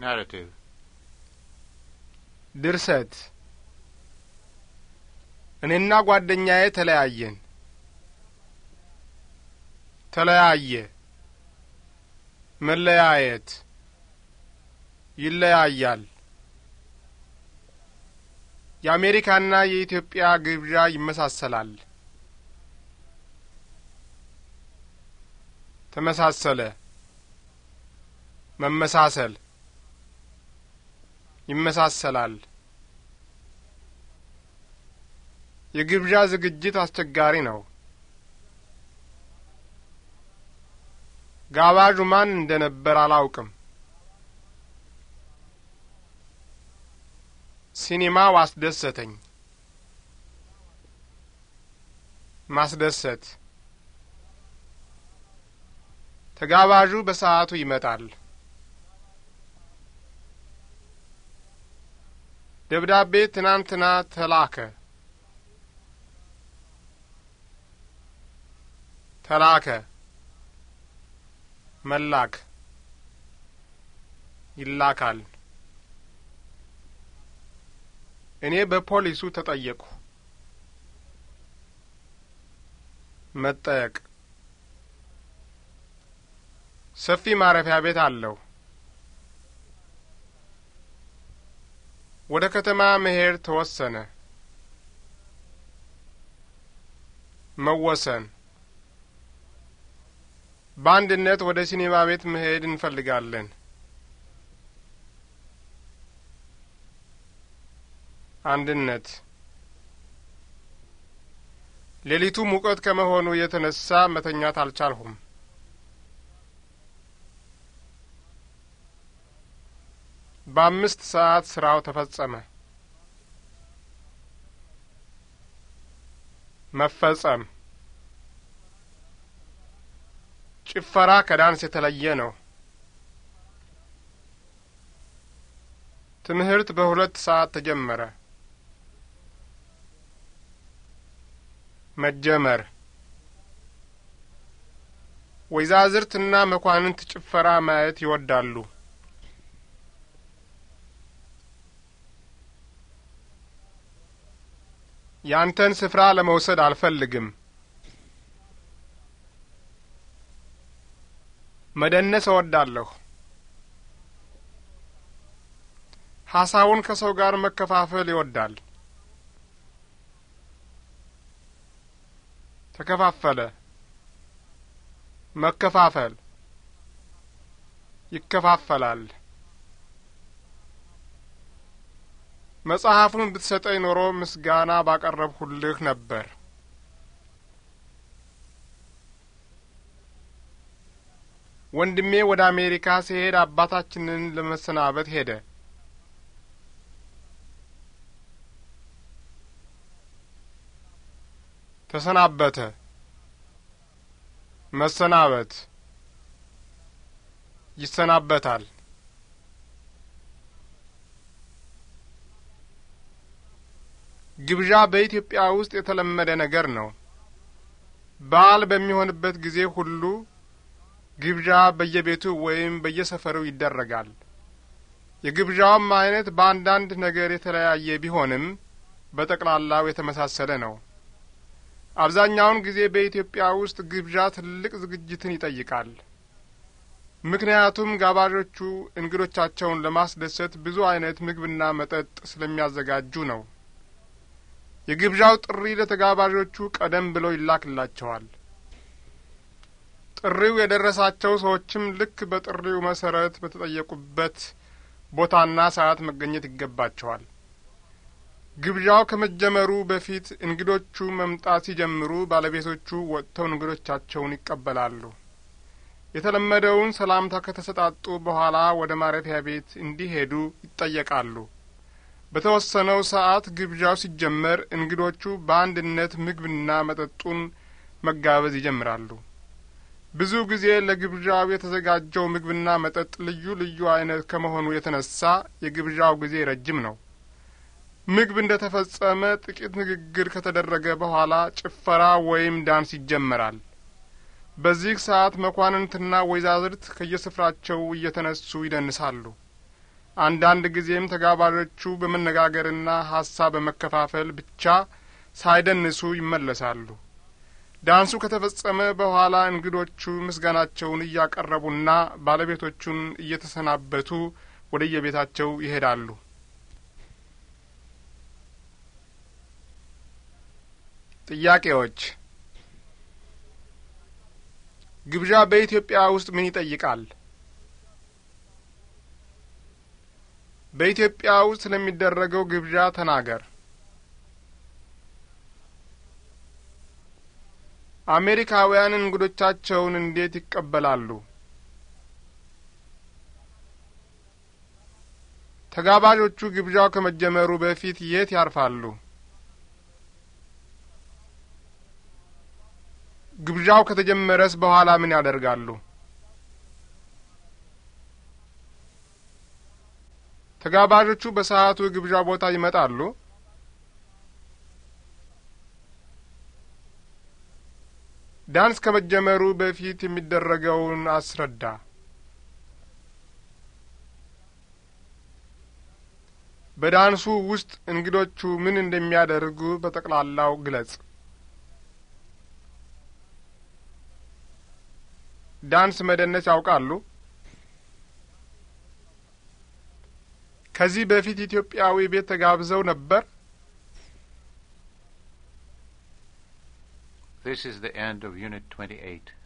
ናሬቲቭ ድርሰት እኔና ጓደኛዬ ተለያየን። ተለያየ መለያየት ይለያያል። የአሜሪካና የኢትዮጵያ ግብዣ ይመሳሰላል። ተመሳሰለ መመሳሰል ይመሳሰላል። የግብዣ ዝግጅት አስቸጋሪ ነው። ጋባዡ ማን እንደ ነበር አላውቅም። ሲኒማው አስደሰተኝ። ማስደሰት ተጋባዡ በሰዓቱ ይመጣል። ደብዳቤ ትናንትና ተላከ። ተላከ መላክ ይላካል። እኔ በፖሊሱ ተጠየቅሁ። መጠየቅ ሰፊ ማረፊያ ቤት አለው። ወደ ከተማ መሄድ ተወሰነ። መወሰን በአንድነት ወደ ሲኔማ ቤት መሄድ እንፈልጋለን። አንድነት ሌሊቱ ሙቀት ከመሆኑ የተነሳ መተኛት አልቻልሁም። በአምስት ሰዓት ስራው ተፈጸመ። መፈጸም ጭፈራ ከዳንስ የተለየ ነው። ትምህርት በሁለት ሰዓት ተጀመረ። መጀመር ወይዛዝርትና መኳንንት ጭፈራ ማየት ይወዳሉ። ያንተን ስፍራ ለመውሰድ አልፈልግም። መደነስ እወዳለሁ። ሀሳቡን ከሰው ጋር መከፋፈል ይወዳል። ተከፋፈለ፣ መከፋፈል፣ ይከፋፈላል። መጽሐፉን ብትሰጠኝ ኖሮ ምስጋና ባቀረብሁልህ ነበር። ወንድሜ ወደ አሜሪካ ሲሄድ አባታችንን ለመሰናበት ሄደ። ተሰናበተ፣ መሰናበት፣ ይሰናበታል። ግብዣ በኢትዮጵያ ውስጥ የተለመደ ነገር ነው። በዓል በሚሆንበት ጊዜ ሁሉ ግብዣ በየቤቱ ወይም በየሰፈሩ ይደረጋል። የግብዣውም አይነት በአንዳንድ ነገር የተለያየ ቢሆንም በጠቅላላው የተመሳሰለ ነው። አብዛኛውን ጊዜ በኢትዮጵያ ውስጥ ግብዣ ትልቅ ዝግጅትን ይጠይቃል። ምክንያቱም ጋባዦቹ እንግዶቻቸውን ለማስደሰት ብዙ አይነት ምግብና መጠጥ ስለሚያዘጋጁ ነው። የግብዣው ጥሪ ለተጋባዦቹ ቀደም ብሎ ይላክላቸዋል። ጥሪው የደረሳቸው ሰዎችም ልክ በጥሪው መሰረት በተጠየቁበት ቦታና ሰዓት መገኘት ይገባቸዋል። ግብዣው ከመጀመሩ በፊት እንግዶቹ መምጣት ሲጀምሩ ባለቤቶቹ ወጥተው እንግዶቻቸውን ይቀበላሉ። የተለመደውን ሰላምታ ከተሰጣጡ በኋላ ወደ ማረፊያ ቤት እንዲሄዱ ይጠየቃሉ። በተወሰነው ሰዓት ግብዣው ሲጀመር እንግዶቹ በአንድነት ምግብና መጠጡን መጋበዝ ይጀምራሉ። ብዙ ጊዜ ለግብዣው የተዘጋጀው ምግብና መጠጥ ልዩ ልዩ አይነት ከመሆኑ የተነሳ የግብዣው ጊዜ ረጅም ነው። ምግብ እንደ ተፈጸመ ጥቂት ንግግር ከተደረገ በኋላ ጭፈራ ወይም ዳንስ ይጀመራል። በዚህ ሰዓት መኳንንትና ወይዛዝርት ከየስፍራቸው እየተነሱ ይደንሳሉ። አንዳንድ ጊዜም ተጋባዦቹ በመነጋገርና ሀሳብ በመከፋፈል ብቻ ሳይደንሱ ይመለሳሉ። ዳንሱ ከተፈጸመ በኋላ እንግዶቹ ምስጋናቸውን እያቀረቡና ባለቤቶቹን እየተሰናበቱ ወደ የቤታቸው ይሄዳሉ። ጥያቄዎች። ግብዣ በኢትዮጵያ ውስጥ ምን ይጠይቃል? በኢትዮጵያ ውስጥ ስለሚደረገው ግብዣ ተናገር። አሜሪካውያን እንግዶቻቸውን እንዴት ይቀበላሉ? ተጋባዦቹ ግብዣው ከመጀመሩ በፊት የት ያርፋሉ? ግብዣው ከተጀመረስ በኋላ ምን ያደርጋሉ? ተጋባዦቹ በሰዓቱ ግብዣ ቦታ ይመጣሉ? ዳንስ ከመጀመሩ በፊት የሚደረገውን አስረዳ። በዳንሱ ውስጥ እንግዶቹ ምን እንደሚያደርጉ በጠቅላላው ግለጽ። ዳንስ መደነስ ያውቃሉ? ከዚህ በፊት ኢትዮጵያዊ ቤት ተጋብዘው ነበር? This is the end of Unit 28.